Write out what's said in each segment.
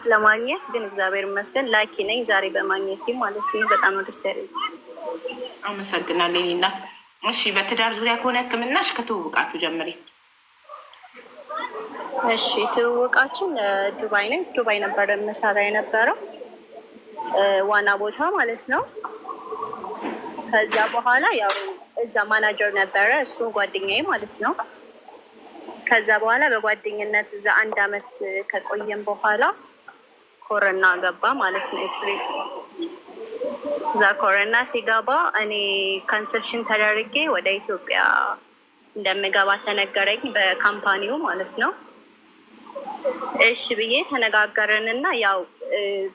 ስለማግኘት ግን እግዚአብሔር ይመስገን ላኪ ነኝ ዛሬ በማግኘት ማለት ነው። በጣም ደስ ያለኝ። አመሰግናለሁ የእኔ እናት። እሺ፣ በትዳር ዙሪያ ከሆነ ህክምናሽ ከትውውቃችሁ ጀምሪ። እሺ፣ ትውውቃችን ዱባይ ነኝ። ዱባይ ነበረ መሳሪያ የነበረው ዋና ቦታ ማለት ነው። ከዛ በኋላ ያው እዛ ማናጀር ነበረ እሱ ጓደኛዬ ማለት ነው። ከዛ በኋላ በጓደኝነት እዛ አንድ አመት ከቆየም በኋላ ኮረና ገባ ማለት ነው። ኤፕሪል እዛ ኮረና ሲገባ እኔ ካንሰልሽን ተደርጌ ወደ ኢትዮጵያ እንደምገባ ተነገረኝ፣ በካምፓኒው ማለት ነው። እሺ ብዬ ተነጋገርን እና ያው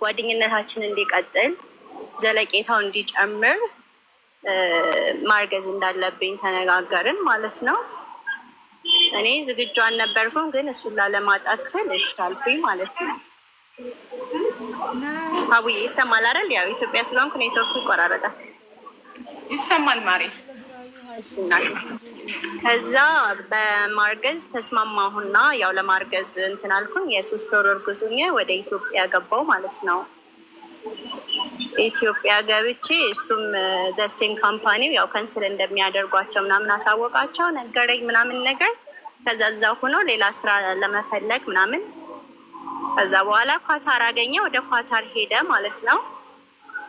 ጓደኝነታችን እንዲቀጥል ዘለቄታው እንዲጨምር ማርገዝ እንዳለብኝ ተነጋገርን ማለት ነው። እኔ ዝግጁ አልነበርኩም፣ ግን እሱን ላለማጣት ስል እሺ አልኩኝ ማለት ነው። አዊ ይሰማል አይደል? ያው ኢትዮጵያ ስለሆንኩ ኔትወርኩ ይቆራረጣል። ይሰማል ማሪ። ከዛ በማርገዝ ተስማማሁና ያው ለማርገዝ እንትን አልኩኝ። የሶስት ወር እርጉዝ ወደ ኢትዮጵያ ገባው ማለት ነው። ኢትዮጵያ ገብቼ እሱም ደሴን ካምፓኒው ያው ከንስል እንደሚያደርጓቸው ምናምን አሳወቃቸው ነገረኝ ምናምን ነገር ከዛ እዛ ሆኖ ሌላ ስራ ለመፈለግ ምናምን ከዛ በኋላ ኳታር አገኘ። ወደ ኳታር ሄደ ማለት ነው።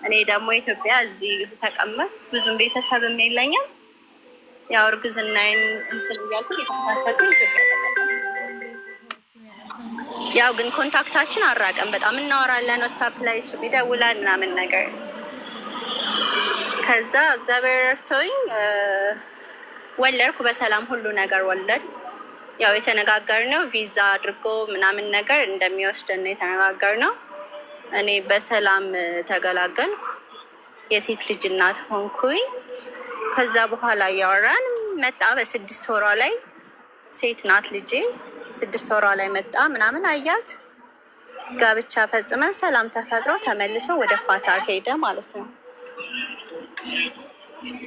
እኔ ደግሞ ኢትዮጵያ እዚህ ተቀመጥ። ብዙም ቤተሰብም የለኝም። ያው እርግዝናዬን እንትን እያልኩ የተከታተልኩ ያው ግን ኮንታክታችን አራቀን በጣም እናወራለን ዋትሳፕ ላይ እሱ ቢደውላል ምናምን ነገር። ከዛ እግዚአብሔር ረድቶኝ ወለድኩ። በሰላም ሁሉ ነገር ወለድ ያው የተነጋገር ነው ቪዛ አድርጎ ምናምን ነገር የተነጋገር ነው እኔ በሰላም ተገላገልኩ፣ የሴት ልጅ እናት ሆንኩኝ። ከዛ በኋላ እያወራን መጣ። በስድስት ወሯ ላይ ሴት ናት ልጄ፣ ስድስት ወሯ ላይ መጣ ምናምን አያት። ጋብቻ ፈጽመን ሰላም ተፈጥሮ ተመልሶ ወደ ኳታ ሄደ ማለት ነው።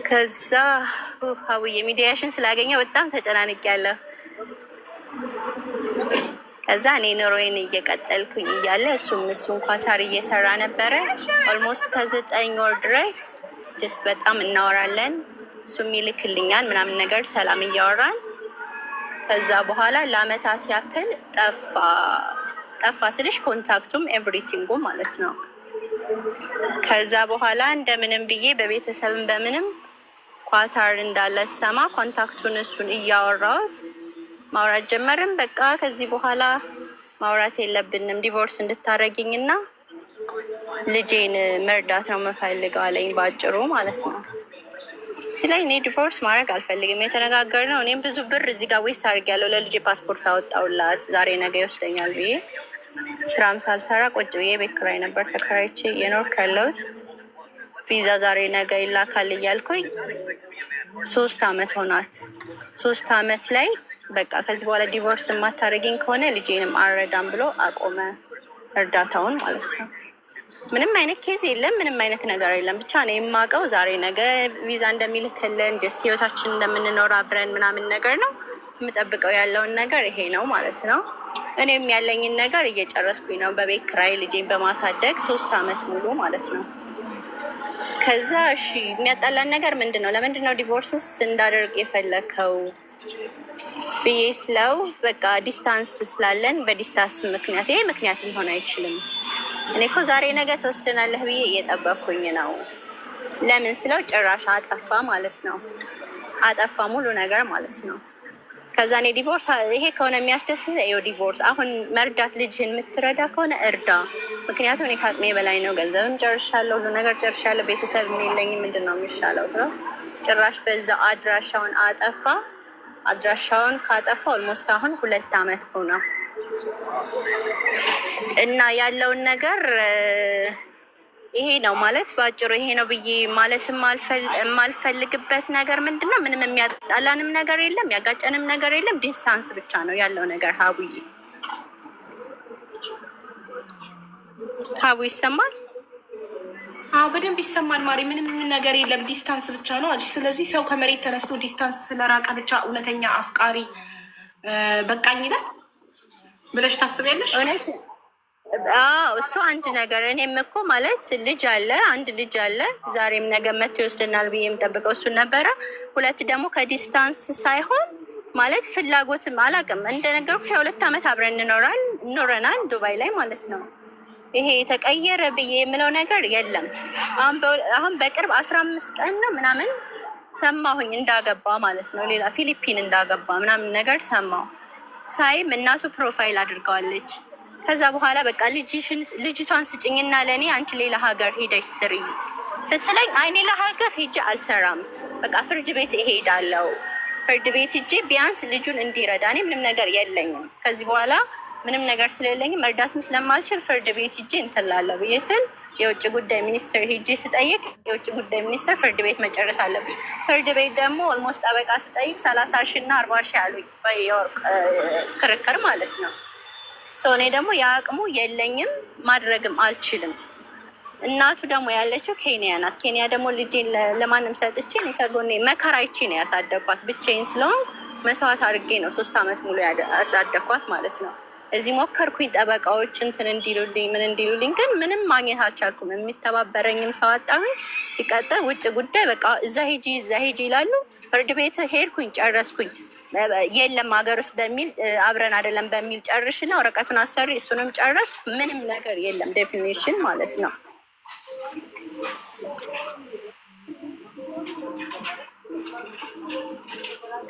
ከዛ ሀዊ የሚዲያሽን ስላገኘ በጣም ያለሁ ከዛ እኔ ኑሮዬን እየቀጠልኩኝ እያለ እሱም እሱን ኳታር እየሰራ ነበረ። ኦልሞስት ከዘጠኝ ወር ድረስ ጀስት በጣም እናወራለን። እሱም ይልክልኛል ምናምን ነገር ሰላም እያወራን ከዛ በኋላ ለአመታት ያክል ጠፋ። ጠፋ ስልሽ ኮንታክቱም ኤቭሪቲንጉ ማለት ነው። ከዛ በኋላ እንደምንም ብዬ በቤተሰብም በምንም ኳታር እንዳለ ሰማ ኮንታክቱን እሱን እያወራሁት ማውራት ጀመርን። በቃ ከዚህ በኋላ ማውራት የለብንም ዲቮርስ እንድታረጊኝ እና ልጄን መርዳት ነው የምፈልገው አለኝ በአጭሩ ማለት ነው። ስለ እኔ ዲቮርስ ማድረግ አልፈልግም የተነጋገርነው እኔም ብዙ ብር እዚህ ጋር ዌስት አድርጊያለሁ። ለልጄ ፓስፖርት ያወጣውላት ዛሬ ነገ ይወስደኛል ብዬ ስራም ሳልሰራ ቁጭ ብዬ ቤት ኪራይ ነበር ተከራይቼ እየኖርኩ ያለሁት ቪዛ ዛሬ ነገ ይላካል እያልኩኝ ሶስት አመት ሆናት። ሶስት አመት ላይ በቃ ከዚህ በኋላ ዲቮርስ የማታደርገኝ ከሆነ ልጄንም አረዳም ብሎ አቆመ፣ እርዳታውን ማለት ነው። ምንም አይነት ኬዝ የለም፣ ምንም አይነት ነገር የለም። ብቻ ነው የማውቀው ዛሬ ነገ ቪዛ እንደሚልክልን ጀስት ህይወታችን እንደምንኖር አብረን ምናምን ነገር ነው የምጠብቀው። ያለውን ነገር ይሄ ነው ማለት ነው። እኔም ያለኝን ነገር እየጨረስኩኝ ነው፣ በቤት ኪራይ ልጄን በማሳደግ ሶስት አመት ሙሉ ማለት ነው። ከዛ እሺ የሚያጣላን ነገር ምንድን ነው? ለምንድን ነው ዲቮርስስ እንዳደርግ የፈለከው ብዬ ስለው በቃ ዲስታንስ ስላለን በዲስታንስ ምክንያት ይሄ ምክንያት ሊሆን አይችልም። እኔ እኮ ዛሬ ነገ ተወስደናለህ ብዬ እየጠበኩኝ ነው። ለምን ስለው ጭራሽ አጠፋ ማለት ነው። አጠፋ ሙሉ ነገር ማለት ነው። ከዛ እኔ ዲቮርስ ይሄ ከሆነ የሚያስደስት ው ዲቮርስ አሁን መርዳት ልጅህን የምትረዳ ከሆነ እርዳ። ምክንያቱም እኔ ከአቅሜ በላይ ነው፣ ገንዘብም ጨርሻለሁ፣ ሁሉ ነገር ጨርሻለሁ፣ ቤተሰብ የለኝ። ምንድን ነው የሚሻለው ነው? ጭራሽ በዛ አድራሻውን አጠፋ። አድራሻውን ካጠፋ ኦልሞስት አሁን ሁለት አመት ሆነው እና ያለውን ነገር ይሄ ነው ማለት በአጭሩ ይሄ ነው ብዬ ማለት የማልፈልግበት ነገር ምንድን ነው? ምንም የሚያጣላንም ነገር የለም፣ ያጋጨንም ነገር የለም። ዲስታንስ ብቻ ነው ያለው ነገር። ሀቡዬ ሀቡ ይሰማል? አዎ በደንብ ይሰማል ማሪ። ምንም ነገር የለም፣ ዲስታንስ ብቻ ነው ስለዚህ ሰው ከመሬት ተነስቶ ዲስታንስ ስለራቀ ብቻ እውነተኛ አፍቃሪ በቃኝ ይላል ብለሽ ታስቢያለሽ? እሱ አንድ ነገር። እኔም እኮ ማለት ልጅ አለ አንድ ልጅ አለ፣ ዛሬም ነገ መቶ ይወስደናል ብዬ የምጠብቀው እሱ ነበረ። ሁለት ደግሞ ከዲስታንስ ሳይሆን ማለት ፍላጎትም አላውቅም። እንደነገርኩሽ ሁለት ዓመት አብረን እንኖራል ኖረናል ዱባይ ላይ ማለት ነው። ይሄ የተቀየረ ብዬ የምለው ነገር የለም። አሁን በቅርብ አስራ አምስት ቀን ነው ምናምን ሰማሁኝ እንዳገባ ማለት ነው። ሌላ ፊሊፒን እንዳገባ ምናምን ነገር ሰማሁ። ሳይም እናቱ ፕሮፋይል አድርገዋለች ከዛ በኋላ በቃ ልጅቷን ስጭኝና ለእኔ አንቺ ሌላ ሀገር ሄደሽ ስሪ ስትለኝ አይኔ ለሀገር ሀገር ሄጄ አልሰራም፣ በቃ ፍርድ ቤት እሄዳለሁ። ፍርድ ቤት ሄጄ ቢያንስ ልጁን እንዲረዳ እኔ ምንም ነገር የለኝም ከዚህ በኋላ ምንም ነገር ስለሌለኝም መርዳትም ስለማልችል ፍርድ ቤት ሄጄ እንትላለሁ ብዬ ስል የውጭ ጉዳይ ሚኒስትር ሄጄ ስጠይቅ የውጭ ጉዳይ ሚኒስትር ፍርድ ቤት መጨረስ አለብሽ። ፍርድ ቤት ደግሞ ኦልሞስት ጠበቃ ስጠይቅ ሰላሳ ሺ እና አርባ ሺ ያሉኝ የወርቅ ክርክር ማለት ነው። ሰው እኔ ደግሞ የአቅሙ የለኝም ማድረግም አልችልም። እናቱ ደግሞ ያለችው ኬንያ ናት። ኬንያ ደግሞ ልጄን ለማንም ሰጥቼ እኔ ከጎኔ መከራ ይቼ ነው ያሳደግኳት። ብቻዬን ስለሆን መስዋዕት አድርጌ ነው ሶስት አመት ሙሉ ያሳደግኳት ማለት ነው። እዚህ ሞከርኩኝ ጠበቃዎች እንትን እንዲሉልኝ ምን እንዲሉልኝ፣ ግን ምንም ማግኘት አልቻልኩም። የሚተባበረኝም ሰው አጣሁኝ። ሲቀጥል ውጭ ጉዳይ በቃ እዛ ሂጂ እዛ ሂጂ ይላሉ። ፍርድ ቤት ሄድኩኝ፣ ጨረስኩኝ። የለም ሀገር ውስጥ በሚል አብረን አይደለም በሚል ጨርሽና ወረቀቱን አሰሪ እሱንም ጨረስ። ምንም ነገር የለም ዴፊኒሽን ማለት ነው።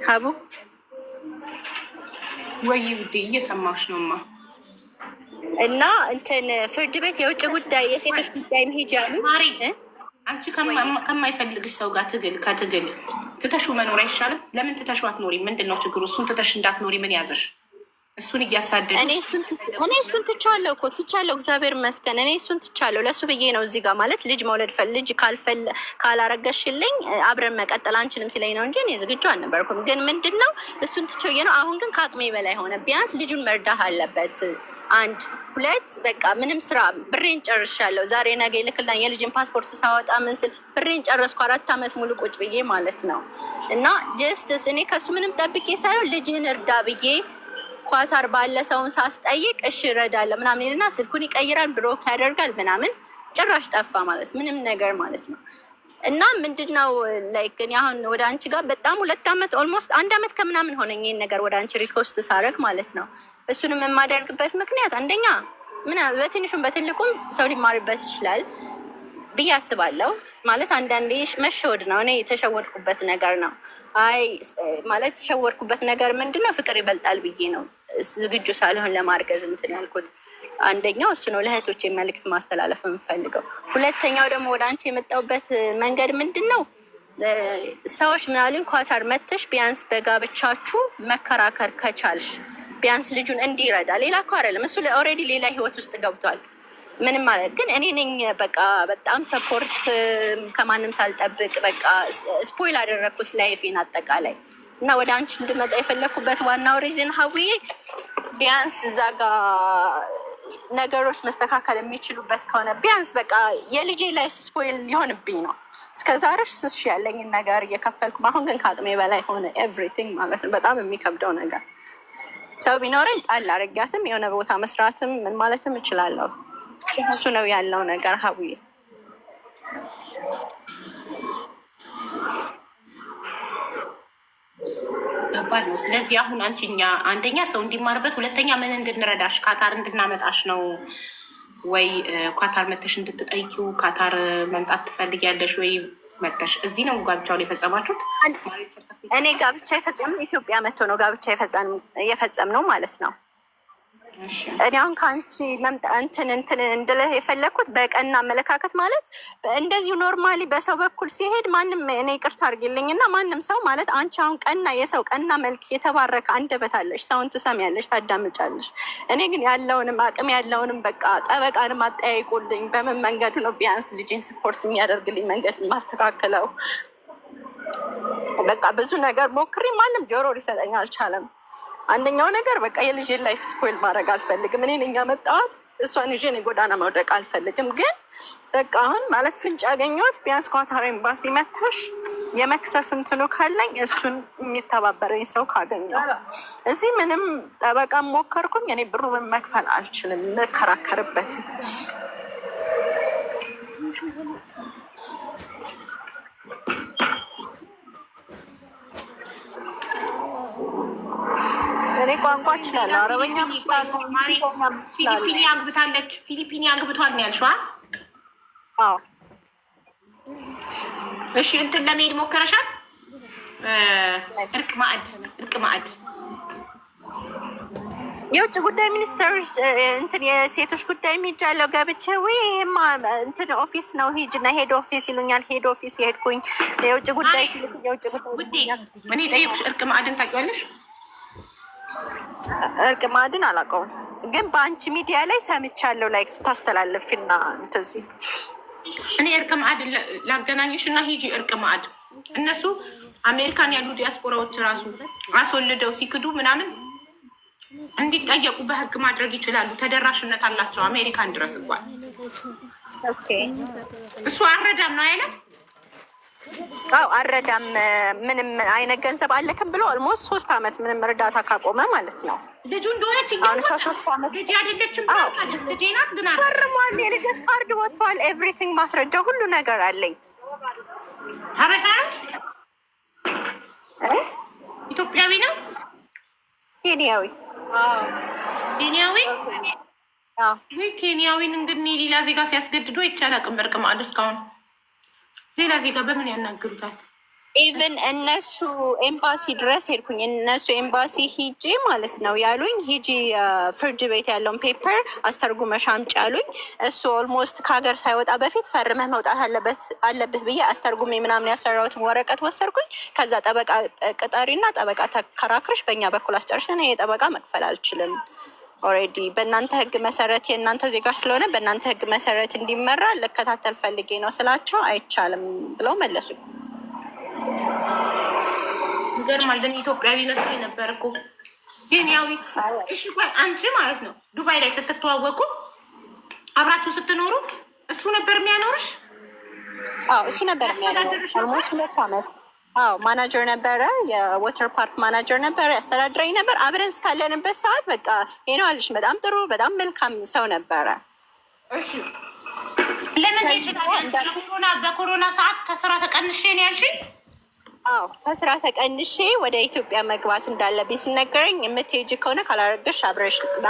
ሀቡ ወይ ውዴ እየሰማሁሽ ነውማ። እና እንትን ፍርድ ቤት የውጭ ጉዳይ የሴቶች ጉዳይ መሄጃ አንቺ ከማይፈልግሽ ሰው ጋር ትግል ከትግል ትተሹ መኖር አይሻልም? ለምን ትተሹ አትኖሪ? ምንድን ነው ችግሩ? እሱን ትተሽ እንዳትኖሪ ምን ያዘሽ? እሱን እያሳደዱ እኔ እሱን ትቻለሁ እኮ ትቻለሁ፣ እግዚአብሔር ይመስገን። እኔ እሱን ትቻለሁ፣ ለእሱ ብዬ ነው እዚህ ጋር ማለት ልጅ መውለድ ልጅ ካላረገሽልኝ አብረን መቀጠል አንችልም ሲለኝ ነው እንጂ እኔ ዝግጁ አልነበርኩም። ግን ምንድን ነው እሱን ትቼው ነው። አሁን ግን ከአቅሜ በላይ ሆነ። ቢያንስ ልጁን መርዳህ አለበት። አንድ ሁለት፣ በቃ ምንም ስራ ብሬን ጨርሻለሁ። ዛሬ ነገ ይልክልና የልጅን ፓስፖርት ሳወጣ ምን ስል ብሬን ጨረስኩ። አራት ዓመት ሙሉ ቁጭ ብዬ ማለት ነው እና ጀስትስ እኔ ከሱ ምንም ጠብቄ ሳይሆን ልጅህን እርዳ ብዬ ኳታር ባለ ሰውን ሳስጠይቅ እሺ እረዳለሁ ምናምን እና ስልኩን ይቀይራል፣ ብሎክ ያደርጋል ምናምን ጭራሽ ጠፋ ማለት ምንም ነገር ማለት ነው። እና ምንድነው ላይክ እኔ አሁን ወደ አንቺ ጋር በጣም ሁለት ዓመት ኦልሞስት አንድ ዓመት ከምናምን ሆነኝ ይህን ነገር ወደ አንቺ ሪኮስት ሳረግ ማለት ነው። እሱንም የማደርግበት ምክንያት አንደኛ ምን በትንሹም በትልቁም ሰው ሊማርበት ይችላል። ብዬ አስባለሁ። ማለት አንዳንዴ መሸወድ ነው። እኔ የተሸወድኩበት ነገር ነው። አይ ማለት የተሸወድኩበት ነገር ምንድን ነው? ፍቅር ይበልጣል ብዬ ነው ዝግጁ ሳልሆን ለማርገዝ እንትን ያልኩት። አንደኛው እሱ ነው፣ ለእህቶቼ መልዕክት ማስተላለፍ የምፈልገው። ሁለተኛው ደግሞ ወደ አንቺ የመጣሁበት መንገድ ምንድን ነው? ሰዎች ምናሉኝ፣ ኳታር መተሽ ቢያንስ በጋብቻችሁ መከራከር ከቻልሽ ቢያንስ ልጁን እንዲረዳ ሌላ እኮ አይደለም እሱ ኦልሬዲ ሌላ ህይወት ውስጥ ገብቷል። ምንም ማለት ግን እኔ ነኝ በቃ በጣም ሰፖርት ከማንም ሳልጠብቅ በቃ ስፖይል አደረግኩት ላይፌን አጠቃላይ እና ወደ አንቺ እንድመጣ የፈለግኩበት ዋናው ሪዝን ሀዊዬ ቢያንስ እዛ ጋ ነገሮች መስተካከል የሚችሉበት ከሆነ ቢያንስ በቃ የልጄ ላይፍ ስፖይል ሊሆንብኝ ነው። እስከ ዛሬ ስሽ ያለኝን ነገር እየከፈልኩ አሁን ግን ከአቅሜ በላይ ሆነ። ኤቭሪቲንግ ማለት ነው በጣም የሚከብደው ነገር ሰው ቢኖረኝ ጣል አረጊያትም የሆነ ቦታ መስራትም ምን ማለትም እችላለሁ። እሱ ነው ያለው ነገር ሀቡዬ። ስለዚህ አሁን አንቺ እኛ አንደኛ ሰው እንዲማርበት፣ ሁለተኛ ምን እንድንረዳሽ ካታር እንድናመጣሽ ነው ወይ ካታር መተሽ እንድትጠይቂው ካታር መምጣት ትፈልጊያለሽ ወይ መተሽ እዚህ ነው ጋብቻውን የፈጸማችሁት? እኔ ጋብቻ የፈጸም ኢትዮጵያ መጥቶ ነው ጋብቻ የፈጸም ነው ማለት ነው። እኔ አሁን ከአንቺ መምጣ እንትን እንትን እንድልህ የፈለግኩት በቀና አመለካከት ማለት እንደዚሁ ኖርማሊ በሰው በኩል ሲሄድ ማንም እኔ ይቅርታ አድርጊልኝ እና ማንም ሰው ማለት አንቺ አሁን ቀና የሰው ቀና መልክ የተባረከ አንደበት አለሽ። ሰውን ትሰሚያለሽ፣ ታዳምጫለሽ። እኔ ግን ያለውንም አቅም ያለውንም በቃ ጠበቃንም አጠያይቁልኝ። በምን መንገድ ነው ቢያንስ ልጅን ስፖርት የሚያደርግልኝ መንገድ ማስተካከለው? በቃ ብዙ ነገር ሞክሪ፣ ማንም ጆሮ ሊሰጠኝ አልቻለም። አንደኛው ነገር በቃ የልጄን ላይፍ ስፖይል ማድረግ አልፈልግም። እኔ ነኝ ያመጣኋት እሷን ይዤ እኔ ጎዳና መውደቅ አልፈልግም። ግን በቃ አሁን ማለት ፍንጭ ያገኘሁት ቢያንስ ኳታር ኤምባሲ መተሽ የመክሰስ እንትኑ ካለኝ እሱን የሚተባበረኝ ሰው ካገኘ እዚህ ምንም ጠበቃ ሞከርኩኝ። እኔ ብሩ ምን መክፈል አልችልም፣ መከራከርበትም እኔ ቋንቋ እችላለሁ፣ አረበኛ እችላለሁ። ፊሊፒኒ አግብታለች፣ ፊሊፒኒ አግብቷል ነው ያልሽዋ? አዎ። እሺ እንትን ለመሄድ ሞከረሻል? እርቅ ማዕድ እርቅ ማዕድ የውጭ ጉዳይ ሚኒስትር እንትን የሴቶች ጉዳይ የሚጃለው ገብቼ ወይማ እንትን ኦፊስ ነው ሂጅ እና ሄድ ኦፊስ ይሉኛል። ሄድ ኦፊስ የሄድኩኝ የውጭ ጉዳይ የውጭ ጉዳይ እኔ ጠየቁሽ። እርቅ ማዕድን ታውቂዋለሽ? እርቅ ማዕድን አላውቀውም፣ ግን በአንቺ ሚዲያ ላይ ሰምቻለሁ። ላይክ ስታስተላለፍና እንትዚህ እኔ እርቅ ማድ ላገናኝሽ እና ሂጂ እርቅ ማድ እነሱ አሜሪካን ያሉ ዲያስፖራዎች ራሱ አስወልደው ሲክዱ ምናምን እንዲጠየቁ በህግ ማድረግ ይችላሉ። ተደራሽነት አላቸው አሜሪካን ድረስ እንኳን እሱ አረዳም ነው አይነት አው አረዳም ምንም አይነት ገንዘብ አለክም ብሎ ኦልሞስት ሶስት አመት ምንም እርዳታ ካቆመ ማለት ነው። ልጁ እንደሆነች አሁን ሶስት አመት ልጅ አይደለችም ልጄ ናት ግን ፈርሟል። የልደት ካርድ ወጥቷል። ኤቭሪቲንግ ማስረጃ ሁሉ ነገር አለኝ። ሀበሻ ኢትዮጵያዊ ነው። ኬንያዊ ኬንያዊ ኬንያዊን እንግዲህ ሌላ ዜጋ ሲያስገድዶ ይቻላል ቅም እርቅ እስካሁን ሌላ ዜጋ በምን ያናግሩታል? ኢቨን እነሱ ኤምባሲ ድረስ ሄድኩኝ። እነሱ ኤምባሲ ሂጂ ማለት ነው ያሉኝ። ሂጂ ፍርድ ቤት ያለውን ፔፐር አስተርጉመሽ አምጪ አሉኝ። እሱ ኦልሞስት ከሀገር ሳይወጣ በፊት ፈርመህ መውጣት አለብህ ብዬ አስተርጉሜ ምናምን ያሰራሁትን ወረቀት ወሰድኩኝ። ከዛ ጠበቃ ቅጠሪና ጠበቃ ተከራክርሽ በእኛ በኩል አስጨርሽን። የጠበቃ መክፈል አልችልም ኦልሬዲ በእናንተ ህግ መሰረት የእናንተ ዜጋ ስለሆነ በእናንተ ህግ መሰረት እንዲመራ ልከታተል ፈልጌ ነው ስላቸው አይቻልም ብለው መለሱ። ይገርማል። ግን ኢትዮጵያዊ መስሎኝ ነበር እኮ ኬንያዊ። እሺ ቆይ አንቺ ማለት ነው ዱባይ ላይ ስትተዋወቁ አብራችሁ ስትኖሩ እሱ ነበር የሚያኖርሽ? እሱ ነበር የሚያኖርሽ ሁለት አመት አዎ ማናጀር ነበረ፣ የወተር ፓርክ ማናጀር ነበረ፣ ያስተዳድረኝ ነበር። አብረን እስካለንበት ሰዓት በቃ ይነው አልሽ። በጣም ጥሩ በጣም መልካም ሰው ነበረ። ለምንድነው በኮሮና ሰዓት ከስራ ተቀንሼ ነው ያልሽኝ? አዎ ከስራ ተቀንሼ ወደ ኢትዮጵያ መግባት እንዳለብኝ ሲነገረኝ የምትሄጂ ከሆነ ካላረገሽ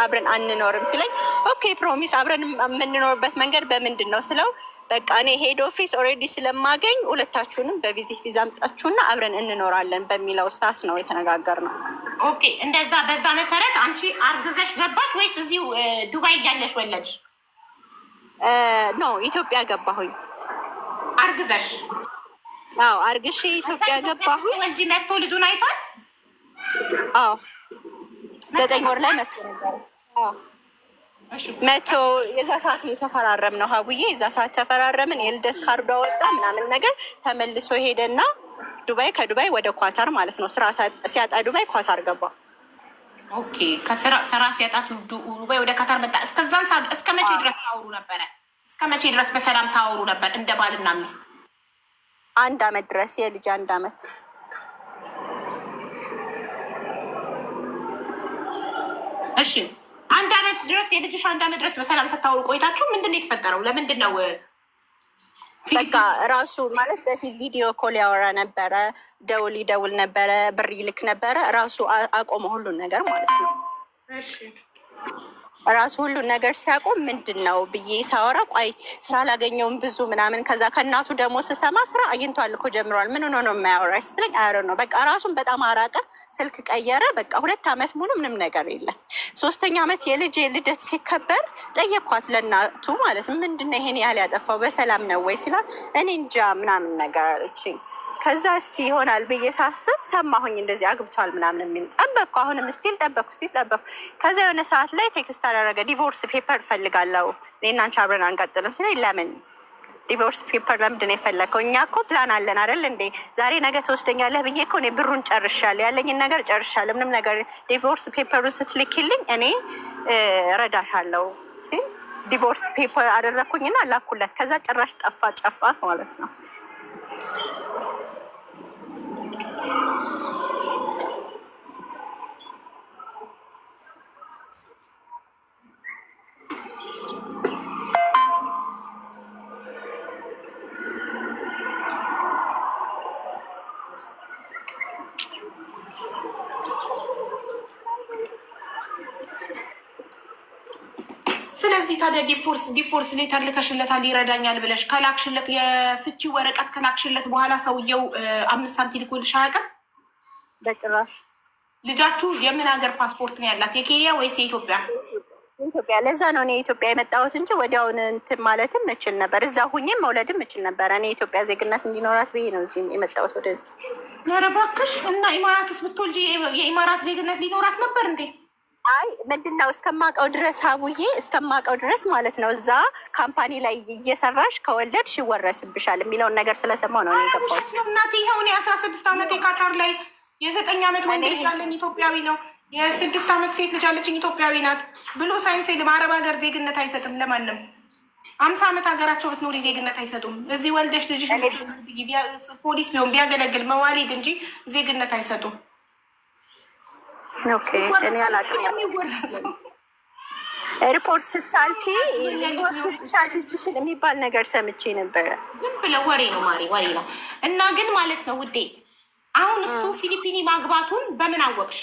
አብረን አንኖርም ሲለኝ፣ ኦኬ ፕሮሚስ፣ አብረን የምንኖርበት መንገድ በምንድን ነው ስለው በቃ እኔ ሄድ ኦፊስ ኦልሬዲ ስለማገኝ ሁለታችሁንም በቪዚት ቪዛ አምጣችሁና አብረን እንኖራለን በሚለው ስታስ ነው ነው። ኦኬ እንደዛ በዛ መሰረት አንቺ አርግዘሽ ገባሽ ወይስ እዚሁ ዱባይ እያለሽ ወለድሽ? ኖ ኢትዮጵያ ገባሁኝ። አርግዘሽ? አዎ አርግሽ ኢትዮጵያ ገባሁኝ። ወልጂ መጥቶ ልጁን አይቷል? አዎ ዘጠኝ ወር ላይ መጥቶ ነበር። መቶ የዛ ሰዓት ነው የተፈራረም ነው ሀቡዬ፣ የዛ ሰዓት ተፈራረምን። የልደት ካርዱ ወጣ ምናምን ነገር ተመልሶ ሄደና ዱባይ፣ ከዱባይ ወደ ኳታር ማለት ነው። ስራ ሲያጣ ዱባይ ኳታር ገባ። ኦኬ፣ ከስራ ሲያጣ ዱባይ ወደ ኳታር መጣ። እስከዛን እስከ መቼ ድረስ ታወሩ ነበረ? እስከ መቼ ድረስ በሰላም ታወሩ ነበር እንደ ባልና ሚስት? አንድ አመት ድረስ የልጅ አንድ አመት እሺ አንድ አመት ድረስ የልጅሽ አንድ አመት ድረስ በሰላም ስታወሩ ቆይታችሁ ምንድን ነው የተፈጠረው? ለምንድን ነው በቃ ራሱ ማለት በፊት ቪዲዮ ኮል ያወራ ነበረ፣ ደውል ይደውል ነበረ፣ ብር ይልክ ነበረ። ራሱ አቆመ ሁሉን ነገር ማለት ነው። ራሱ ሁሉ ነገር ሲያቆም ምንድን ነው ብዬ ሳወራ ቋይ ስራ አላገኘውም ብዙ ምናምን። ከዛ ከእናቱ ደግሞ ስሰማ ስራ አግኝቷል እኮ ጀምሯል፣ ምን ሆኖ ነው የማያወራ ስትለኝ አረ ነው በቃ ራሱን በጣም አራቀ፣ ስልክ ቀየረ። በቃ ሁለት ዓመት ሙሉ ምንም ነገር የለም። ሶስተኛ ዓመት የልጅ ልደት ሲከበር ጠየኳት፣ ለእናቱ ማለት ምንድነው ይሄን ያህል ያጠፋው በሰላም ነው ወይ ሲላት እኔ እንጃ ምናምን ነገር አለችኝ። ከዛ እስቲ ይሆናል ብዬ ሳስብ ሰማሁኝ እንደዚህ አግብቷል ምናምን የሚል ጠበቅኩ። አሁንም ስቲል ጠበቅኩ ስቲል ጠበቅኩ። ከዛ የሆነ ሰዓት ላይ ቴክስት አደረገ። ዲቮርስ ፔፐር እፈልጋለሁ እኔ አንቺ አብረን አንቀጥልም ሲለ ለምን ዲቮርስ ፔፐር ለምንድን ነው የፈለግከው? እኛ እኮ ፕላን አለን አይደል እንዴ? ዛሬ ነገ ትወስደኛለህ ብዬ እኮ እኔ ብሩን ጨርሻለሁ፣ ያለኝን ነገር ጨርሻለሁ። ምንም ነገር ዲቮርስ ፔፐሩን ስትልኪልኝ እኔ ረዳሻ ሲል ዲቮርስ ፔፐር አደረግኩኝና ላኩለት። ከዛ ጭራሽ ጠፋ ጨፋ ማለት ነው። Yeah. ታዲያ ዲፎርስ ዲፎርስ ሌተር ልከሽለታል ይረዳኛል ብለሽ ከላክሽለት የፍቺ ወረቀት ከላክሽለት በኋላ ሰውየው አምስት ሳንቲ ልኮልሽ አያውቅም በጭራሽ። ልጃችሁ የምን ሀገር ፓስፖርት ነው ያላት? የኬንያ ወይስ የኢትዮጵያ? ኢትዮጵያ። ለዛ ነው እኔ ኢትዮጵያ የመጣሁት እንጂ ወዲያውን እንትን ማለትም እችል ነበር። እዛ ሁኝም መውለድም እችል ነበር። እኔ የኢትዮጵያ ዜግነት እንዲኖራት ብዬ ነው እዚህ የመጣሁት ወደዚህ። ኧረ እባክሽ። እና ኢማራትስ ብትወልጂ የኢማራት ዜግነት ሊኖራት ነበር እንዴ? አይ ምንድን ነው እስከማውቀው ድረስ አቡዬ እስከማውቀው ድረስ ማለት ነው እዛ ካምፓኒ ላይ እየሰራሽ ከወለድሽ ይወረስብሻል የሚለውን ነገር ስለሰማው ነው ነው እናቴ ይኸውኔ የአስራ ስድስት ዓመት የካታር ላይ የዘጠኝ ዓመት ወንድ ልጅ አለኝ ኢትዮጵያዊ ነው። የስድስት ዓመት ሴት ልጅ አለችኝ ኢትዮጵያዊ ናት ብሎ ሳይንስ ሄድም አረብ ሀገር ዜግነት አይሰጥም ለማንም አምሳ ዓመት ሀገራቸው ብትኖሪ ዜግነት አይሰጡም። እዚህ ወልደሽ ልጅሽ ፖሊስ ቢሆን ቢያገለግል መዋሌድ እንጂ ዜግነት አይሰጡም። ሪፖርት ስታልፊ ወስዱ ብቻ ልጅሽን የሚባል ነገር ሰምቼ ነበረ። ዝም ብለው ወሬ ነው ማሪ፣ ወሬ ነው እና ግን ማለት ነው ውዴ፣ አሁን እሱ ፊሊፒኒ ማግባቱን በምን አወቅሽ?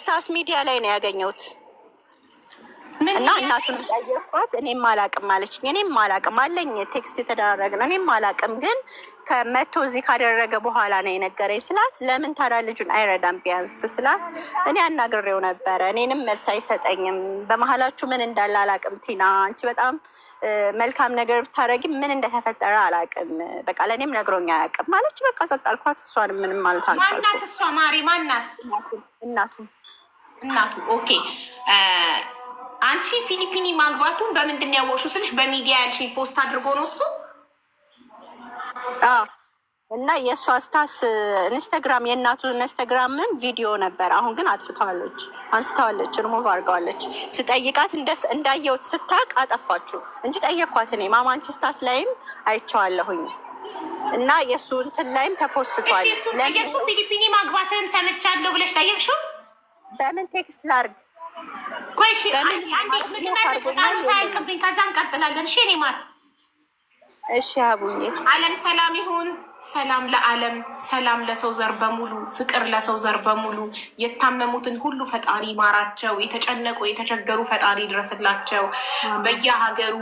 ስታስ ሚዲያ ላይ ነው ያገኘሁት። እና እናቱንም ጠየኳት። እኔም አላቅም አለች። እኔም አላቅም አለኝ ቴክስት ነው። እኔም አላቅም ግን ከመቶ እዚህ ካደረገ በኋላ ነው የነገረኝ ስላት፣ ለምን ታዲያ ልጁን አይረዳም ቢያንስ ስላት፣ እኔ አናግሬው ነበረ እኔንም መልስ አይሰጠኝም። በመሀላችሁ ምን እንዳለ አላቅም። ቲና አንቺ በጣም መልካም ነገር ብታደረግም ምን እንደተፈጠረ አላቅም። በቃ ለእኔም ነግሮኝ አያቅም ማለች። በቃ ሰጣልኳት። እሷን ምንም ማለት አልቻልኩም። ማናት እሷ? ማሪ ማናት? እናቱ እናቱ ኦኬ አንቺ ፊሊፒኒ ማግባቱን በምንድን ነው ስልሽ በሚዲያ ያልሽኝ ፖስት አድርጎ ነው እሱ እና የእሷ ስታስ ኢንስታግራም የእናቱ ኢንስታግራምም ቪዲዮ ነበር። አሁን ግን አጥፍተዋለች፣ አንስተዋለች፣ ሪሞቭ አድርገዋለች። ስጠይቃት እንዳየውት ስታቅ አጠፋችሁ እንጂ ጠየኳት። እኔ ማማንቺ ስታስ ላይም አይቼዋለሁኝ እና የእሱ እንትን ላይም ተፖስቷል። ፊሊፒኒ ማግባትን ሰምቻለሁ ብለሽ ጠየቅሽው በምን ቴክስት ላርግ ሳያልቅብኝ ከዛ እንቀጥላለን። እሺ እኔ ማር እሺ አቡዬ ዓለም ሰላም ይሁን። ሰላም ለዓለም፣ ሰላም ለሰው ዘር በሙሉ፣ ፍቅር ለሰው ዘር በሙሉ። የታመሙትን ሁሉ ፈጣሪ ማራቸው የተጨነቁ የተቸገሩ ፈጣሪ ድረስላቸው በየሀገሩ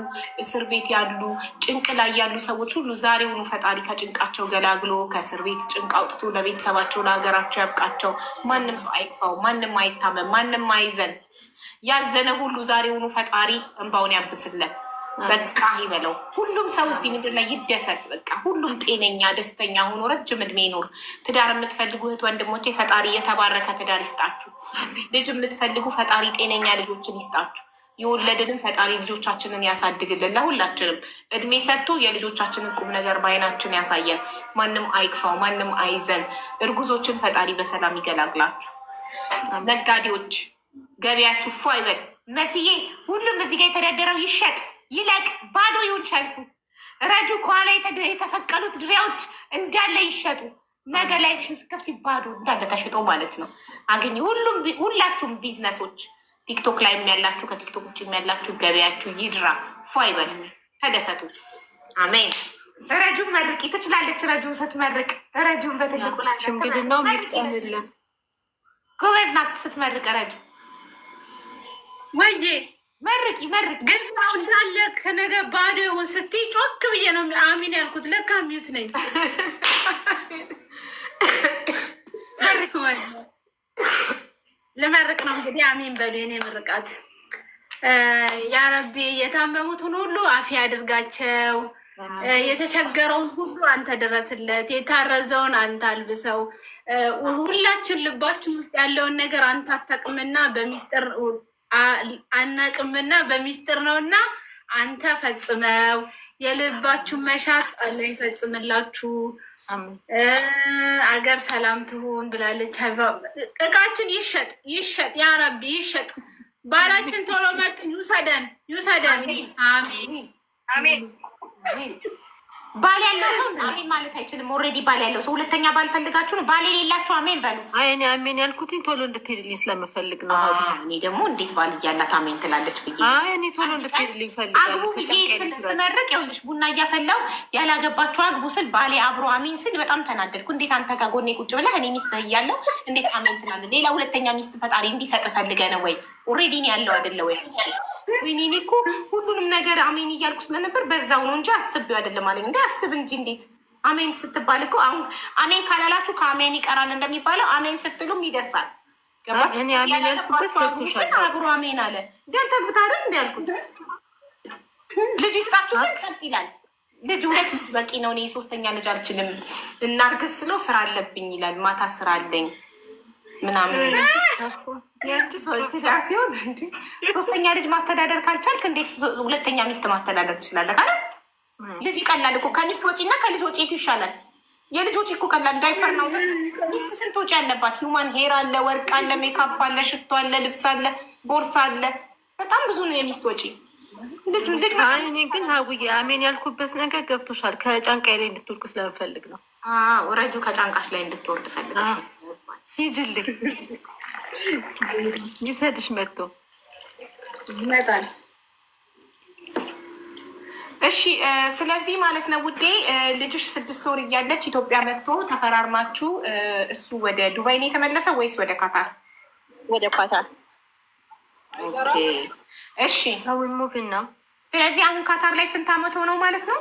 እስር ቤት ያሉ ጭንቅ ላይ ያሉ ሰዎች ሁሉ ዛሬውኑ ፈጣሪ ከጭንቃቸው ገላግሎ ከእስር ቤት ጭንቅ አውጥቶ ለቤተሰባቸው ለሀገራቸው ያብቃቸው። ማንም ሰው አይክፋው፣ ማንም አይታመም፣ ማንም አይዘን። ያዘነ ሁሉ ዛሬውኑ ፈጣሪ እንባውን ያብስለት፣ በቃ ይበለው። ሁሉም ሰው እዚህ ምድር ላይ ይደሰት። በቃ ሁሉም ጤነኛ ደስተኛ ሆኖ ረጅም እድሜ ይኖር። ትዳር የምትፈልጉ እህት ወንድሞቼ ፈጣሪ የተባረከ ትዳር ይስጣችሁ። ልጅ የምትፈልጉ ፈጣሪ ጤነኛ ልጆችን ይስጣችሁ። የወለድንም ፈጣሪ ልጆቻችንን ያሳድግልን። ለሁላችንም እድሜ ሰጥቶ የልጆቻችንን ቁም ነገር በአይናችን ያሳየን። ማንም አይክፋው፣ ማንም አይዘን። እርጉዞችን ፈጣሪ በሰላም ይገላግላችሁ። ነጋዴዎች ገቢያችሁ ፎ አይበል። መስዬ ሁሉም እዚህ ጋር የተደደረው ይሸጥ ይለቅ፣ ባዶ ይሁን ሸልፉ። ረጁ ከኋላ የተሰቀሉት ድሪያዎች እንዳለ ይሸጡ። ነገ ላይፍሽን ስከፍት ባዶ እንዳለ ተሽጦ ማለት ነው። አገኘ ሁሉም ሁላችሁም ቢዝነሶች ቲክቶክ ላይ የሚያላችሁ ከቲክቶክ ውጭ የሚያላችሁ ገበያችሁ ይድራ፣ ፎ አይበል፣ ተደሰቱ። አሜን። ረጁም መርቂ ትችላለች። ረጁም ስትመርቅ ረጁም በትልቁ ሽምግድናው ይፍጠንልን። ጎበዝ ናት ስትመርቅ ረጁ ወይዬ መርቂ መርቂ ግን እንዳለ ከነገ ባዶ ይሁን ስትይ ጮክ ብዬ ነው አሚን ያልኩት። ለካ ሚዩት ነኝ። ልመርቅ ነው እንግዲህ አሚን በሉ። የኔ ምርቃት ያረቢ የታመሙትን ሁሉ አፊ አድርጋቸው። የተቸገረውን ሁሉ አንተ ድረስለት። የታረዘውን አንተ አልብሰው። ሁላችን ልባችን ውስጥ ያለውን ነገር አንተ አታውቅምና በሚስጥር አናቅምና በሚስጥር ነው እና አንተ ፈጽመው የልባችሁ መሻት አለ ይፈጽምላችሁ፣ አገር ሰላም ትሆን ብላለች። እቃችን ይሸጥ ይሸጥ፣ ያ ረቢ ይሸጥ። ባላችን ቶሎ መጡ፣ ይውሰደን ይውሰደን። አሜን አሜን። ባል ያለው ሰው አሜን ማለት አይችልም። ኦልሬዲ ባል ያለው ሰው ሁለተኛ ባል ፈልጋችሁ ነው። ባል የሌላችሁ አሜን በሉ። አይ እኔ አሜን ያልኩትኝ ቶሎ እንድትሄድልኝ ስለምፈልግ ነው። እኔ ደግሞ እንዴት ባል እያላት አሜን ትላለች ብዬ እኔ ቶሎ እንድትሄድልኝ ፈልጋለሁ። አግቡ ብዬ ስመረቅ ይኸውልሽ ቡና እያፈላው ያላገባችሁ አግቡ ስል ባሌ አብሮ አሜን ስል በጣም ተናደድኩ። እንዴት አንተ ጋር ጎኔ ቁጭ ብለህ እኔ ሚስት እያለሁ እንዴት አሜን ትላለህ? ሌላ ሁለተኛ ሚስት ፈጣሪ እንዲሰጥ ፈልገ ነው ወይ? ኦሬዲ እኔ ያለው አይደለው ወይ? ወይኔ እኮ ሁሉንም ነገር አሜን እያልኩ ስለነበር በዛው ነው እንጂ አስቤው አይደለም አለኝ። እንደ አስብ እንጂ እንዴት አሜን ስትባል እኮ አሁን አሜን ካላላችሁ ከአሜን ይቀራል እንደሚባለው አሜን ስትሉም ይደርሳል። ገባችሁያለባቸውሽን አብሮ አሜን አለ እንዲያን ተግብታርን እንዲ ያልኩት ልጅ ይስጣችሁ ስል ጸጥ ይላል። ልጅ ሁለት በቂ ነው። እኔ ሶስተኛ ልጅ አልችልም። እናርግዝ ስለው ስራ አለብኝ ይላል። ማታ ስራ አለኝ ምናምን ሲሆን ሶስተኛ ልጅ ማስተዳደር ካልቻልክ እንዴት ሁለተኛ ሚስት ማስተዳደር ትችላለህ? ካለ ልጅ ይቀላል እኮ ከሚስት ወጪ እና ከልጅ ወጪ የቱ ይሻላል? የልጅ ወጪ እኮ ቀላል። ዳይፐር ነው። ሚስት ስንት ወጪ አለባት? ሂውማን ሄር አለ፣ ወርቅ አለ፣ ሜካፕ አለ፣ ሽቶ አለ፣ ልብስ አለ፣ ቦርሳ አለ። በጣም ብዙ ነው የሚስት ወጪ። እኔ ግን ሀዊዬ አሜን ያልኩበት ነገር ገብቶሻል። ከጫንቃ ላይ እንድትወርቅ ስለምፈልግ ነው። ረጁ ከጫንቃሽ ላይ እንድትወርድ ፈልጋል። ይጅልኝ ይውሰድሽ መጥቶ ይመጣል። እሺ ስለዚህ ማለት ነው ውዴ፣ ልጅሽ ስድስት ወር እያለች ኢትዮጵያ መጥቶ ተፈራርማችሁ፣ እሱ ወደ ዱባይ ነው የተመለሰ ወይስ ወደ ካታር? ወደ ካታር። እሺ ስለዚህ አሁን ካታር ላይ ስንት አመት ሆነው ማለት ነው?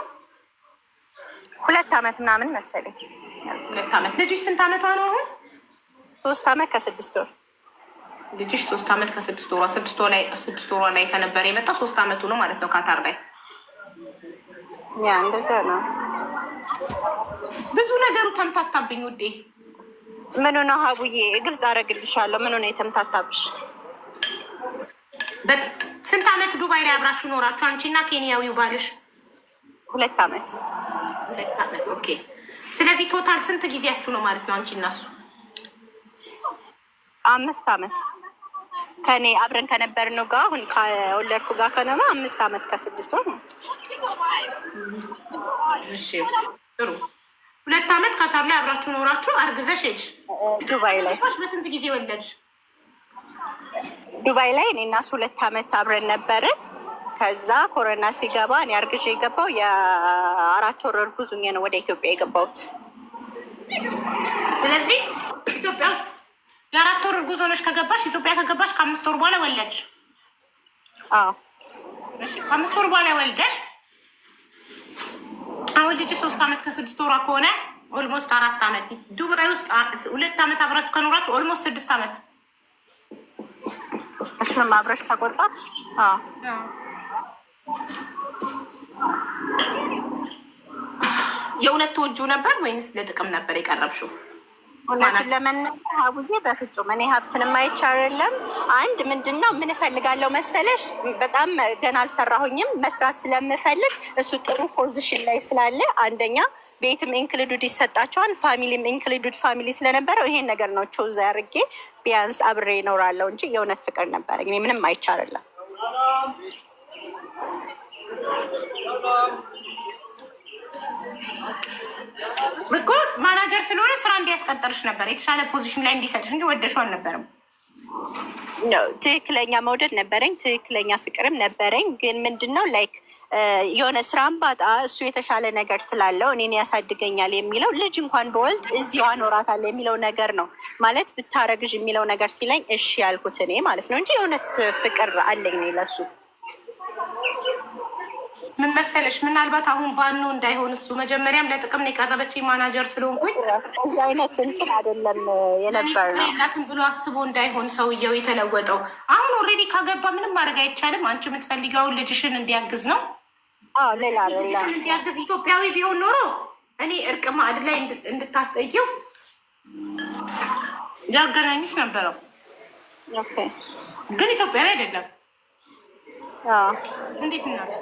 ሁለት አመት ምናምን መሰለኝ። ሁለት አመት። ልጅሽ ስንት አመቷ ነው አሁን? ሶስት አመት ከስድስት ወር ልጅሽ ሶስት ዓመት ከስድስት ወሯ ስድስት ወሯ ላይ ከነበረ የመጣ ሶስት ዓመቱ ነው ማለት ነው። ካታር ላይ ያ እንደዚያ ነው። ብዙ ነገሩ ተምታታብኝ ውዴ። ምን ሆነ ሀቡዬ? ግልጽ አደርግልሻለሁ። ምን ሆነ የተምታታብሽ? ስንት ዓመት ዱባይ ላይ አብራችሁ ኖራችሁ አንቺ እና ኬንያዊው ባልሽ? ሁለት ዓመት ሁለት ዓመት። ኦኬ። ስለዚህ ቶታል ስንት ጊዜያችሁ ነው ማለት ነው አንቺ እና እሱ? አምስት ዓመት ከኔ አብረን ከነበርን ጋር አሁን ከወለድኩ ጋር ከነማ አምስት አመት ከስድስት ወር ነው። ጥሩ ሁለት አመት ካታር ላይ አብራችሁ ኖራችሁ አርግዘሽ ሄድሽ ዱባይ ላይ በስንት ጊዜ ወለድሽ? ዱባይ ላይ እኔ እና እሱ ሁለት አመት አብረን ነበርን። ከዛ ኮረና ሲገባ እኔ አርግዤ የገባው የአራት ወር እርጉዝ ነው ወደ ኢትዮጵያ የገባሁት። ስለዚህ ኢትዮጵያ ውስጥ እርጉዝ ሆነሽ ከገባሽ ኢትዮጵያ ከገባሽ ከአምስት ወር በኋላ ወለድሽ። ከአምስት ወር በኋላ ወልደሽ አሁን ልጅ ሶስት ዓመት ከስድስት ወሯ ከሆነ ኦልሞስት አራት ዓመት ዱባይ ውስጥ ሁለት ዓመት አብራችሁ ከኖራችሁ ኦልሞስት ስድስት ዓመት እሱንም አብረሽ ከቆጣች የእውነት ተወጁ ነበር ወይንስ ለጥቅም ነበር የቀረብሽው? እውነትን ለመናገር አቡዬ በፍጹም እኔ ሀብትንም አይቼ አይደለም። አንድ ምንድን ነው ምን እፈልጋለሁ መሰለሽ፣ በጣም ገና አልሰራሁኝም መስራት ስለምፈልግ እሱ ጥሩ ፖዚሽን ላይ ስላለ አንደኛ ቤትም ኢንክሉድ ይሰጣቸዋል፣ ፋሚሊም ኢንክሉድ ፋሚሊ ስለነበረው ይሄን ነገር ነው ቾዝ አድርጌ ቢያንስ አብሬ ይኖራለው እንጂ የእውነት ፍቅር ነበረኝ። እኔ ምንም አይቼ አይደለም። እኮ ማናጀር ስለሆነ ስራ እንዲያስቀጠርሽ ነበር፣ የተሻለ ፖዚሽን ላይ እንዲሰጥሽ እንጂ ወደሹ አልነበረም። ትክክለኛ መውደድ ነበረኝ፣ ትክክለኛ ፍቅርም ነበረኝ። ግን ምንድነው ላይክ የሆነ ስራም ባጣ እሱ የተሻለ ነገር ስላለው እኔን ያሳድገኛል የሚለው ልጅ እንኳን በወልድ እዚህ አኖራታል የሚለው ነገር ነው ማለት ብታረግዥ የሚለው ነገር ሲለኝ እሺ ያልኩት እኔ ማለት ነው እንጂ የእውነት ፍቅር አለኝ ነው ለሱ ምን መሰለሽ፣ ምናልባት አሁን ባኖ እንዳይሆን እሱ መጀመሪያም ለጥቅም ነው የቀረበች ማናጀር ስለሆንኩኝ እዚህ አይነት እንትን አይደለም የነበርነውላትን ብሎ አስቦ እንዳይሆን ሰውየው የተለወጠው። አሁን ኦልሬዲ ካገባ ምንም ማድረግ አይቻልም። አንቺ የምትፈልጊውን ልጅሽን እንዲያግዝ ነው ልጅሽን እንዲያግዝ። ኢትዮጵያዊ ቢሆን ኖሮ እኔ እርቅ ማዕድ ላይ እንድታስጠየው ያገናኝሽ ነበረው፣ ግን ኢትዮጵያዊ አይደለም። እንዴት እናስ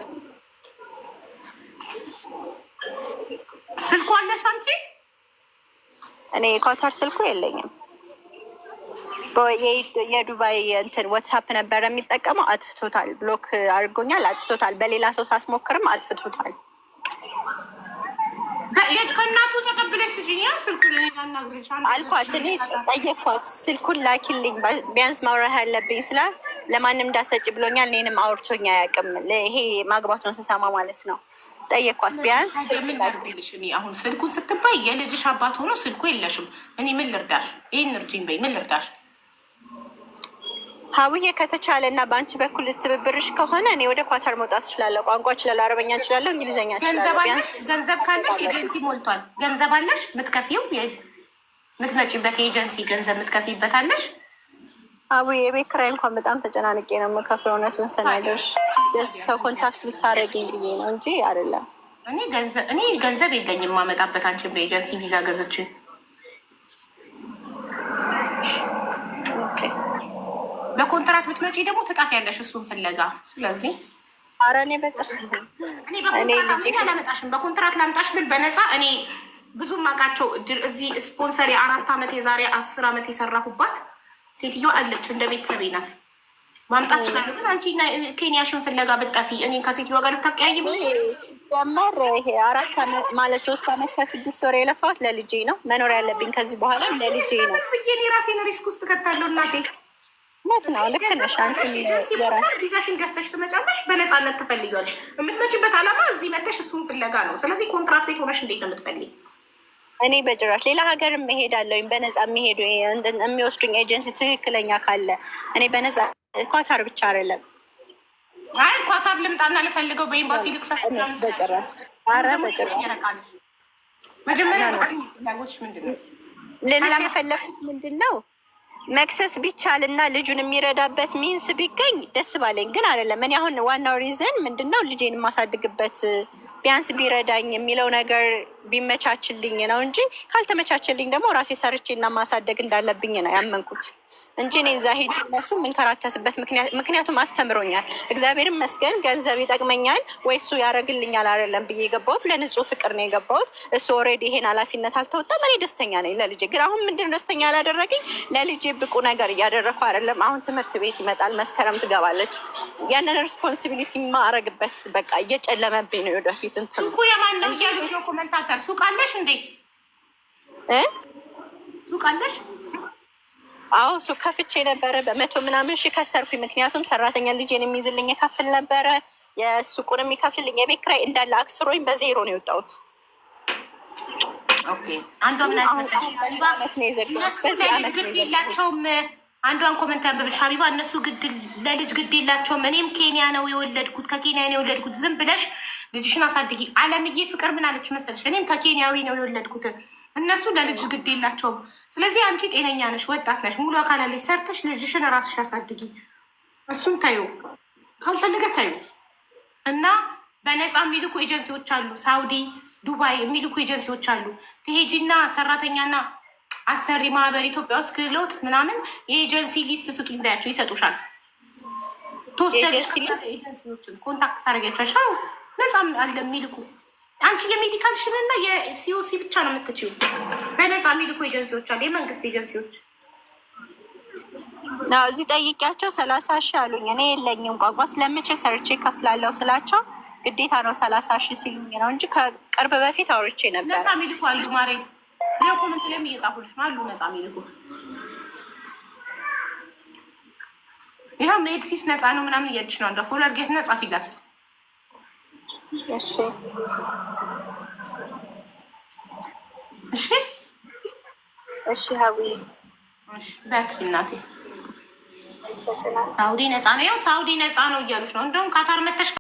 ስልኩ አለሽ አንቺ? እኔ ኳታር ስልኩ የለኝም። የዱባይ እንትን ዋትሳፕ ነበረ የሚጠቀመው አጥፍቶታል። ብሎክ አድርጎኛል፣ አጥፍቶታል። በሌላ ሰው ሳስሞክርም አጥፍቶታል። ከእናቱ ተቀብለሽ ስልኩን አልኳት። እኔ ጠየኳት፣ ስልኩን ላኪልኝ ቢያንስ ማውራት ያለብኝ ስላ ለማንም እንዳሰጭ ብሎኛል። እኔንም አውርቶኛ አያውቅም። ይሄ ማግባቱን ስሰማ ማለት ነው ጠየኳት። ቢያንስ አሁን ስልኩን ስትባይ የልጅሽ አባት ሆኖ ስልኩ የለሽም። እኔ ምን ልርዳሽ? ይህን እርጂኝ በይ፣ ምን ልርዳሽ? ሀዊዬ ከተቻለ እና በአንቺ በኩል ትብብርሽ ከሆነ እኔ ወደ ኳታር መውጣት እችላለሁ። ቋንቋ እችላለሁ፣ አረበኛ እችላለሁ፣ እንግሊዝኛ እችላለሁ። ገንዘብ ካለሽ ኤጀንሲ ሞልቷል። ገንዘብ አለሽ የምትከፊው የምትመጪበት ኤጀንሲ ገንዘብ የምትከፊበት አለሽ። አቡ የቤት ኪራይ እንኳን በጣም ተጨናንቄ ነው የምከፍለው። እውነቱን ስናይደሽ ሰው ኮንታክት ብታደረግኝ ብዬ ነው እንጂ አይደለም። እኔ ገንዘብ የለኝም የማመጣበት። አንቺን በኤጀንሲ ቪዛ ገዝቼ በኮንትራት ብትመጪ ደግሞ ያለሽ እሱን ፍለጋ። ስለዚህ ኧረ እኔ አላመጣሽም። በኮንትራት ላምጣሽ ብል በነፃ እኔ ብዙ ማቃቸው እዚህ ስፖንሰር የአራት ዓመት የዛሬ አስር ዓመት የሰራሁባት ሴትዮ አለች እንደ ቤተሰቤ ናት። ማምጣት ይችላሉ። ግን አንቺ ኬንያሽን ፍለጋ ብጠፊ እኔ ከሴትዮዋ ጋር ልታቀያይ ጀመር። ይሄ አራት ዓመት ማለት ሶስት ዓመት ከስድስት ወር የለፋት ለልጄ ነው። መኖር ያለብኝ ከዚህ በኋላ ለልጄ ነው። እኔ ራሴን ሪስክ ውስጥ ከታለሁ። እናቴ ነት ነው። ልክ ነሽ አንቺ። ቪዛሽን ገዝተሽ ትመጫለሽ፣ በነፃነት ትፈልጊዋለሽ። የምትመጪበት አላማ እዚህ መተሽ እሱን ፍለጋ ነው። ስለዚህ ኮንትራት ቤት ሆነሽ እንዴት ነው የምትፈልጊ? እኔ በጭራሽ ሌላ ሀገር እሄዳለሁኝ። በነፃ የሚሄዱ የሚወስዱኝ ኤጀንሲ ትክክለኛ ካለ እኔ በነፃ ኳታር ብቻ አይደለም። አይ ኳታር ልምጣና ልፈልገው በኤምባሲ ልክሳስ የፈለኩት ምንድን ነው መክሰስ ቢቻልና ልጁን የሚረዳበት ሚንስ ቢገኝ ደስ ባለኝ፣ ግን አይደለም። እኔ አሁን ዋናው ሪዝን ምንድን ነው ልጄን የማሳድግበት ቢያንስ ቢረዳኝ የሚለው ነገር ቢመቻችልኝ ነው እንጂ ካልተመቻችልኝ ደግሞ ራሴ ሰርቼ እና ማሳደግ እንዳለብኝ ነው ያመንኩት። እንጂ እኔ እዛ ሄጅ እነሱ የምንከራተስበት ምክንያቱም አስተምሮኛል። እግዚአብሔር ይመስገን ገንዘብ ይጠቅመኛል ወይ እሱ ያደረግልኛል አይደለም ብዬ የገባሁት ለንጹህ ፍቅር ነው የገባሁት። እሱ ኦልሬዲ ይሄን ኃላፊነት አልተወጣም። እኔ ደስተኛ ነኝ ለልጄ። ግን አሁን ምንድን ነው ደስተኛ ያላደረገኝ ለልጄ ብቁ ነገር እያደረግኩ አይደለም። አሁን ትምህርት ቤት ይመጣል፣ መስከረም ትገባለች። ያንን ሪስፖንሲቢሊቲ ማረግበት በቃ እየጨለመብኝ ነው ወደፊት እንትን የማንነው ኮመንታተር ሱቃለሽ እንዴ ሱቃለሽ አዎ እሱ ከፍቼ ነበረ በመቶ ምናምን ሺ ከሰርኩኝ። ምክንያቱም ሰራተኛ ልጄን የሚይዝልኝ የከፍል ነበረ የሱቁን የሚከፍልልኝ የቤት ኪራይ እንዳለ አክስሮኝ በዜሮ ነው የወጣሁት። አንዷን ኮመንት አንብብሽ ሀቢባ። እነሱ ለልጅ ግድ የላቸውም። እኔም ኬንያ ነው የወለድኩት ከኬንያ ነው የወለድኩት። ዝም ብለሽ ልጅሽን አሳድጊ። አለምዬ ፍቅር ምን አለች መሰለሽ? እኔም ከኬንያዊ ነው የወለድኩት እነሱ ለልጅ ግድ የላቸውም። ስለዚህ አንቺ ጤነኛ ነሽ፣ ወጣት ነሽ፣ ሙሉ አካል ያለሽ ሰርተሽ ልጅሽን ራስሽ አሳድጊ። እሱም ታዩ ካልፈለገ ታዩ እና በነፃ የሚልኩ ኤጀንሲዎች አሉ። ሳውዲ፣ ዱባይ የሚልኩ ኤጀንሲዎች አሉ። ትሄጂና ሰራተኛና አሰሪ ማህበር ኢትዮጵያ ውስጥ ክህሎት ምናምን የኤጀንሲ ሊስት ስጡኝ በያቸው ይሰጡሻል። ቶስቻ ኤጀንሲዎችን ኮንታክት ታደርጊያቸዋለሽ። ነፃ አለ የሚልኩ አንቺ የሜዲካልሽን እና የሲኦሲ ብቻ ነው የምትችው። በነፃ ሜዲኮ ኤጀንሲዎች አሉ፣ የመንግስት ኤጀንሲዎች እዚህ ጠይቂያቸው ሰላሳ ሺህ አሉኝ። እኔ የለኝም ቋንቋ ስለምችል ሰርቼ ከፍላለሁ ስላቸው ግዴታ ነው ሰላሳ ሺህ ሲሉኝ ነው እንጂ ከቅርብ በፊት አውርቼ ነበር። ነፃ ሜዲኮ አሉ ማሬ፣ ኮመንት ላይም እየጻፉልሽ ነው አሉ ነፃ ሜዲኮ። ይኸው ሜድሲስ ነፃ ነው ምናምን እያልሽ ነው። እንደ ፎለርጌት ነፃ ፊላል እሺ እሺ እሺ ሀዊ እናቴ ሳውዲ ነፃ ነው። ያው ሳውዲ ነፃ ነው እያሉች ነው። እንደውም ካታር መተሽ